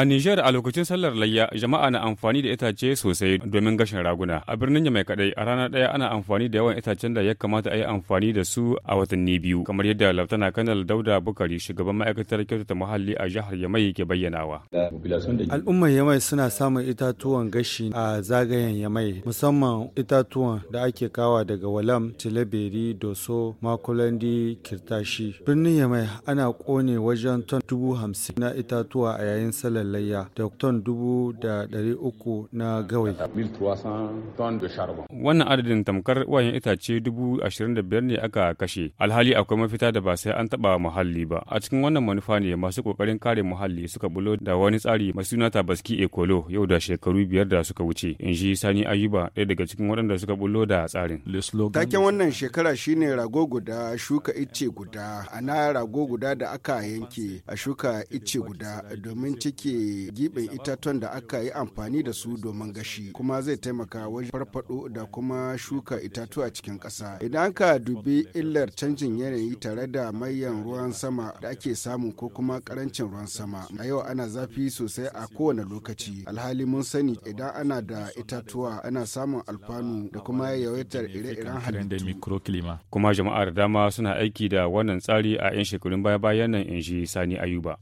A Nijar a lokacin sallar layya jama'a na amfani da itace sosai domin gashin raguna. A birnin Yamai kadai a ranar ɗaya ana amfani da yawan itacen da ya kamata a yi amfani da su a watanni biyu kamar yadda Laftana Kanal Dauda Bukari shugaban ma'aikatar kyautata muhalli a jihar Yamai ke bayyanawa. Al'ummar Yamai suna samun itatuwan gashi a zagayen Yamai musamman itatuwan da ake kawa daga Walam, Tileberi, Doso, Makulandi, Kirtashi. Birnin Yamai ana kone wajen ton dubu hamsin na itatuwa a yayin sallar halayya da ton dubu da ɗari uku na gawai. Wannan adadin tamkar wayan itace dubu ashirin da biyar ne aka kashe. Alhali akwai mafita da ba sai an taɓa muhalli ba. A cikin wannan manufa ne masu ƙoƙarin kare muhalli suka bulo da wani tsari mai suna Tabaski Ekolo yau da shekaru biyar da suka wuce. In ji Sani Ayuba ɗaya daga cikin waɗanda suka bulo da tsarin. Taken wannan shekara shine rago guda shuka ice guda ana rago guda da aka yanke a shuka ice guda domin cike cire giɓin itatuwan da aka yi amfani da su domin gashi kuma zai taimaka wajen farfado da kuma shuka itatuwa cikin ƙasa idan aka dubi illar canjin yanayi tare da mayan ruwan sama da ake samu ko kuma karancin ruwan sama a yau ana zafi sosai a kowane lokaci alhali mun sani idan ana da itatuwa ana samun alfanu da kuma yawaitar ire-iren halittu kuma jama'ar dama suna aiki da wannan tsari a 'yan shekarun baya-bayan nan in ji sani ayuba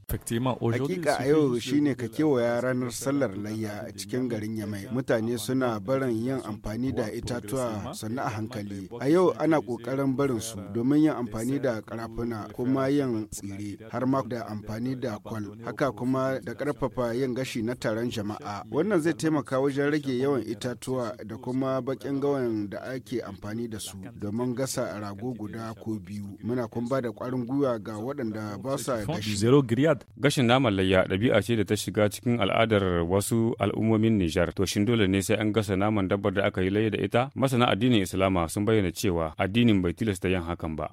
hakika a yau shine shine ka kewaya ranar sallar layya a cikin garin Yamai. Mutane suna barin yin amfani da itatuwa sannu a hankali. A yau ana kokarin barin su domin yin amfani da karafuna kuma yin tsire har ma da amfani da kwal. Haka kuma da karfafa yin gashi na taron jama'a. Wannan zai taimaka wajen rage yawan itatuwa da kuma bakin gawan da ake amfani da su domin gasa rago guda ko biyu. Muna kuma ba da kwarin gwiwa ga waɗanda ba sa gashi. Gashin naman layya ɗabi'a ce da ta shiga cikin al'adar wasu al'ummomin Nijar to shin dole ne sai an gasa naman dabbar da aka yi laye da ita? Masana addinin Islama sun bayyana cewa addinin bai tilasta yin hakan ba.